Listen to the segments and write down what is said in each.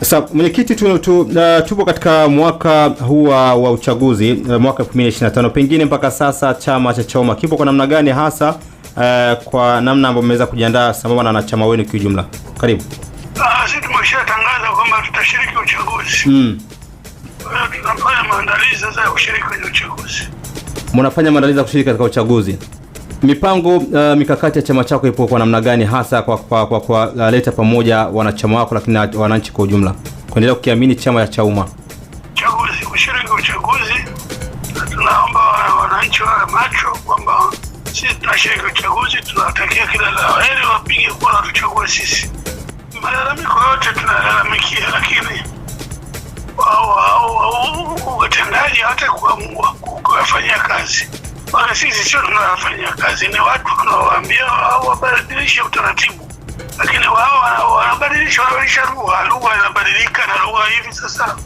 Sasa mwenyekiti, tu, tu, uh, tupo katika mwaka huu wa uchaguzi uh, mwaka 2025, pengine mpaka sasa chama cha Choma kipo kwa namna gani hasa uh, kwa namna ambayo mmeweza kujiandaa sambamba na chama wenu kiujumla? Karibu. Ah, sisi tumeshatangaza kwamba tutashiriki uchaguzi mm. Tunafanya maandalizi sasa ya kushiriki kwenye uchaguzi. Mnafanya maandalizi ya kushiriki katika uchaguzi mipango uh, mikakati ya chama chako ipo kwa namna gani hasa kwa kwa, kwa, kwa uh, leta pamoja wanachama wako lakini wananchi kwa ujumla kuendelea kukiamini chama cha Chauma chaguzi kushiriki uchaguzi? Tunaomba wananchi wawe macho kwamba sisi tunashiriki uchaguzi, tunawatakia kila la heri, wapige kura watuchague sisi. Malalamiko yote tunalalamikia, lakini watendaji hawatakuamua kuyafanyia kazi. Bwana, sisi sio tunafanya kazi, ni watu au wabadilishe utaratibu, lakini wao wanabadilisha, wanabadilisha lugha, lugha inabadilika na lugha hivi sasa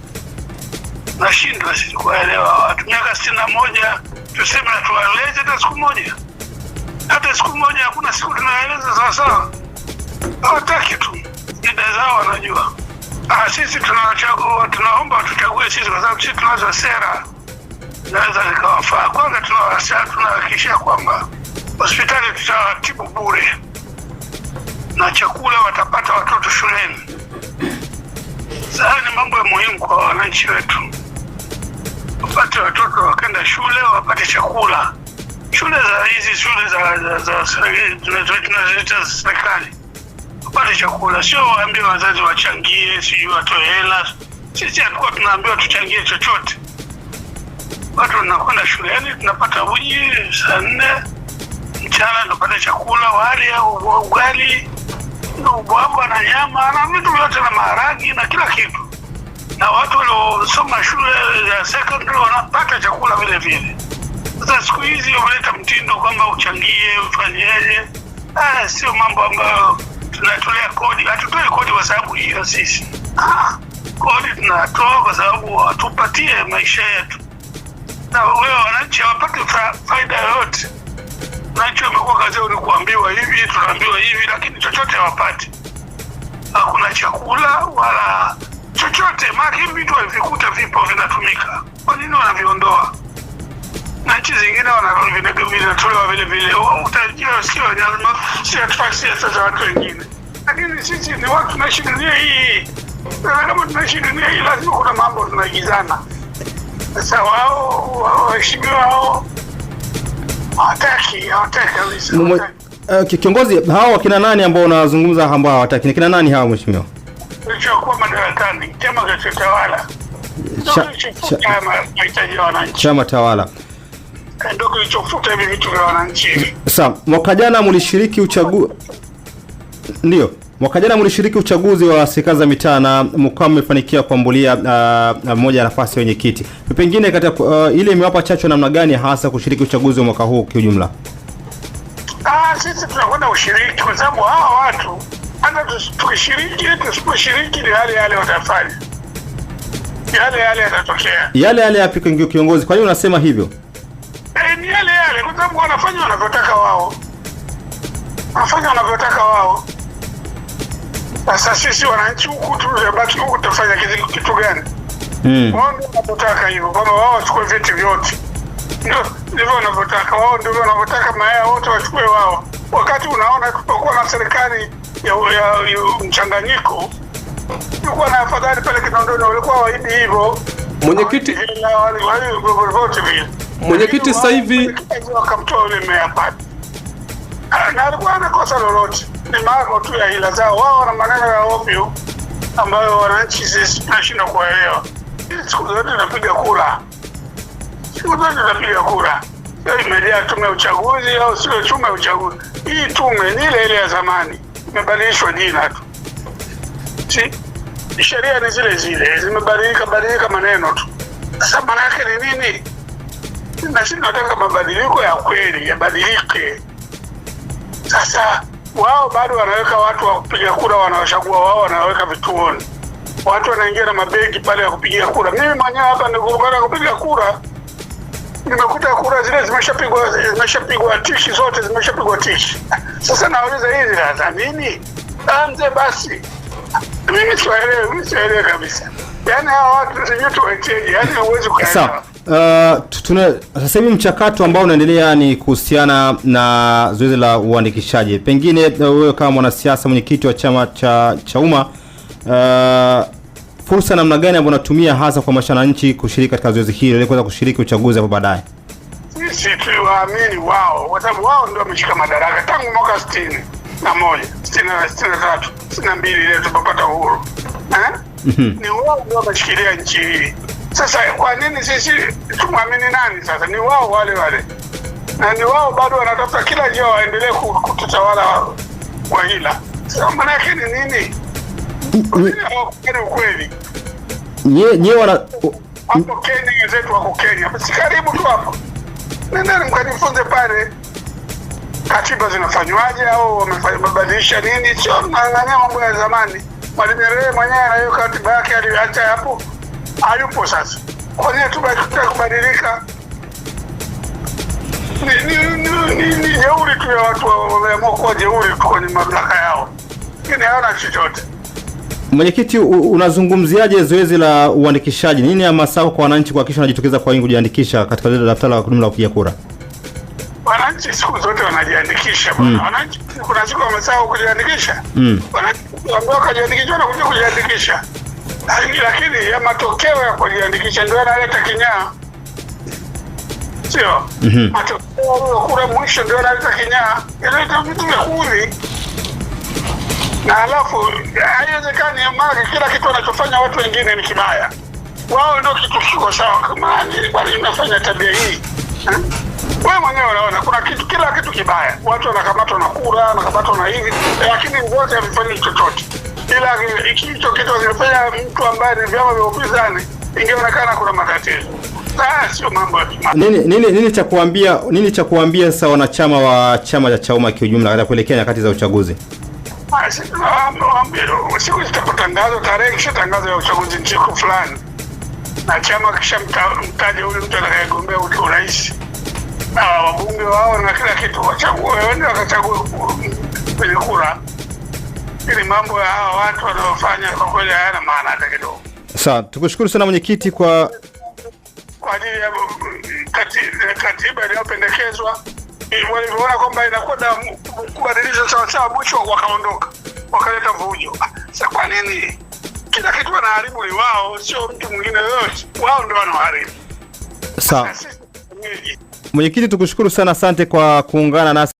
nashindwa sisi watu. Miaka sitini na moja tuseme hatuwaeleze hata siku moja, hata siku moja, hakuna siku tunaeleza sawasawa, hawataki tu, shida zao wanajua. Ah, sisi tunachagua, tunaomba tuchague sisi, kwa sababu sisi tunazo sera zinaweza zikawafaa. Kwanza tunahakikishia kwamba hospitali tutawatibu bure na chakula watapata watoto shuleni. Haya ni mambo ya muhimu kwa wananchi wetu, wapate watoto wakenda shule, wapate chakula. Shule za hizi shule za tunazoita za serikali wapate chakula, sio waambie wazazi wachangie, sijui watoe hela. Sisi hatukuwa tunaambiwa tuchangie chochote watu wanakwenda shuleni, tunapata uji saa nne mchana, tunapata chakula wali au ugali na ubwabwa na nyama na vitu vyote na maharagi na kila kitu, na watu waliosoma shule ya secondary wanapata chakula vile vile. Sasa siku hizi wameleta mtindo kwamba uchangie ufanyeje? Ah, sio mambo ambayo tunatolea kodi, hatutoi kodi kwa sababu hiyo sisi. Ah, kodi tunatoa kwa sababu watupatie maisha yetu na wewe wananchi hawapati faida yoyote. Wananchi wamekuwa kazi ni kuambiwa hivi, tunaambiwa hivi, lakini chochote hawapati, hakuna chakula wala chochote. Maana hivi vitu walivikuta vipo vinatumika, kwa nini wanaviondoa? Na nchi zingine vinatolewa vile vile, utajua za watu wengine, lakini sisi ni watu tunaishi dunia hii, na kama tunaishi dunia hii lazima kuna mambo tunaigizana. Sasa wao waheshimiwa hao hawataki, hawataki kabisa. Okay, eh, kiongozi, hao wakina nani ambao unazungumza ambao hawataki ni kina nani hawa mheshimiwa? Kilichokuwa madarakani chama kinachotawala chama tawala eh, ndio kilichofuta hivi vitu vya wananchi. Sasa mwaka jana mlishiriki uchaguzi ndio Mwaka jana mlishiriki uchaguzi wa serikali za mitaa na mkoa mmefanikiwa kuambulia uh, moja ya nafasi ya wenyekiti. Pengine katika uh, ile imewapa chacho namna gani hasa kushiriki uchaguzi wa mwaka huu kiujumla? Ah, sisi tunakwenda ushiriki kwa sababu hawa watu hata tukishiriki tusiposhiriki, ni yale yale watafanya yale yale yatatokea, yale yale yapi kiongozi? Kwa nini unasema hivyo? Eh, ni yale yale kwa sababu wanafanya wanavyotaka wao, wanafanya wanavyotaka wao sasa sisi wananchi huku tu tulivyobaki huku tutafanya kitu, kitu gani? Mm. Wao ndio wanapotaka hivyo kwamba wao wachukue viti vyote, ndio ndivyo wanavyotaka wao, ndio wanavyotaka maaya wote wachukue wao, wakati unaona kutokuwa na serikali ya, ya, ya mchanganyiko tulikuwa na afadhali pale Kinondoni walikuwa waidi hivyo mwenyekiti mwenyekiti sasa hivi wakamtoa yule meya pale ah, na alikuwa anakosa lolote ni mako tu ya hila zao. Wao wana maneno ya ovyo ambayo wananchi sisi tunashindwa kuelewa. Siku zote tunapiga kura, siku zote tunapiga kura, sio imejaa tume ya uchaguzi au sio tume ya uchaguzi. Hii tume ni ile ile ya zamani, imebadilishwa jina tu, si sheria ni zile zile, zimebadilika badilika maneno tu. Sasa maana yake ni nini? Na sisi mabadiliko ya kweli yabadilike. Sasa wao bado wanaweka watu wa kupiga kura, wanawachagua wao, wanaweka vituoni, watu wanaingia na mabegi pale ya kupigia kura. Mimi mwenyewe hapa nikuungana kupiga kura, nimekuta kura zile zimeshapigwa, zimeshapigwa tishi, zote zimeshapigwa tishi. Sasa nauliza hizi za nini? Anze ah, basi, mimi siwaelewi, mimi siwaelewi kabisa. Yani hawa watu sijui tuwacheje, yani huwezi kuelewa. Uh, sasa hivi mchakato ambao unaendelea ni kuhusiana na zoezi la uandikishaji. Pengine uh, wewe uh, kama mwanasiasa mwenyekiti wa chama cha cha umma uh, fursa namna gani ambayo unatumia hasa kwa mashana nchi kushiriki katika zoezi hili ili kuweza kushiriki uchaguzi hapo baadaye? Sisi tuwaamini wao, kwa sababu wao ndio wameshika madaraka tangu mwaka 60 na moja, 63, 62 ile tupopata uhuru eh? Mhm. ni wao ndio wameshikilia nchi hii sasa kwa nini sisi tumwamini nani? Sasa ni wao wale wale, na ni wao bado wanatafuta kila njia waendelee kututawala kwa hila. Sasa maana yake ni nini? Ukweli nyie wana hapo Kenya, wenzetu wako Kenya, si karibu tu hapo, nendeni mkajifunze pale katiba zinafanywaje, au wamebadilisha nini? Sio mnaangalia mambo ya zamani. Mwalimu Nyerere mwenyewe anayo katiba yake aliacha hapo alipo sasa. Kwa nini tunataka kubadilika? Ni ni ni ni ni jeuri tu ya watu wameamua kuwa jeuri tu kwenye mamlaka yao, lakini hawana chochote. Mwenyekiti, unazungumziaje zoezi la uandikishaji? Nini hamasako kwa wananchi kuhakikisha wanajitokeza kwa wingi kujiandikisha katika lile daftari la kudumu la kupiga kura? Wananchi siku zote wanajiandikisha bwana. Mm. Wananchi kuna siku wamesahau kujiandikisha. Mm. Wananchi ambao wakajiandikisha na kujiandikisha lakini ya matokeo ya kujiandikisha ndio yanaleta kinyaa, sio mhm. matokeo ya kura mwisho ndio yanaleta kinyaa, yanaleta vitu vya kuni na alafu haiwezekani mara kila kitu wanachofanya watu wengine ni kibaya, wao ndio kitu kiko sawa. kamani bwana mnafanya tabia hii, eh? wewe mwenyewe unaona kuna kitu, kila kitu kibaya, watu wanakamatwa na kura, wanakamatwa na hivi, lakini wote havifanyi chochote ila ikicho kitu angepea mtu ambaye ni vyama vya upinzani ingeonekana kuna matatizo. Ah, nini, nini, nini cha kuambia nini cha kuambia sasa wanachama wa chama cha Chauma kiujumla katika kuelekea nyakati za uchaguzi? Ah, ah, siku tarehe, kisha tangazo ya uchaguzi siku fulani, na chama kisha mtaje huyu mtu atakayegombea urais na wabunge wao na kila kitu, wachague wende wakachague kwenye kura ili mambo ya hawa watu wanaofanya kwa kweli hayana maana hata kidogo. Sawa, tukushukuru sana mwenyekiti kwa kwa ajili ya katiba iliyopendekezwa walivyoona kwamba inakwenda kubadilisha sawasawa, mwisho wakaondoka wakaleta vujo. Sasa kwa nini kila kitu wanaharibu ni wao, sio mtu mwingine yoyote? Wao ndio wanaharibu. Sawa mwenyekiti, tukushukuru sana, asante kwa kuungana nasi.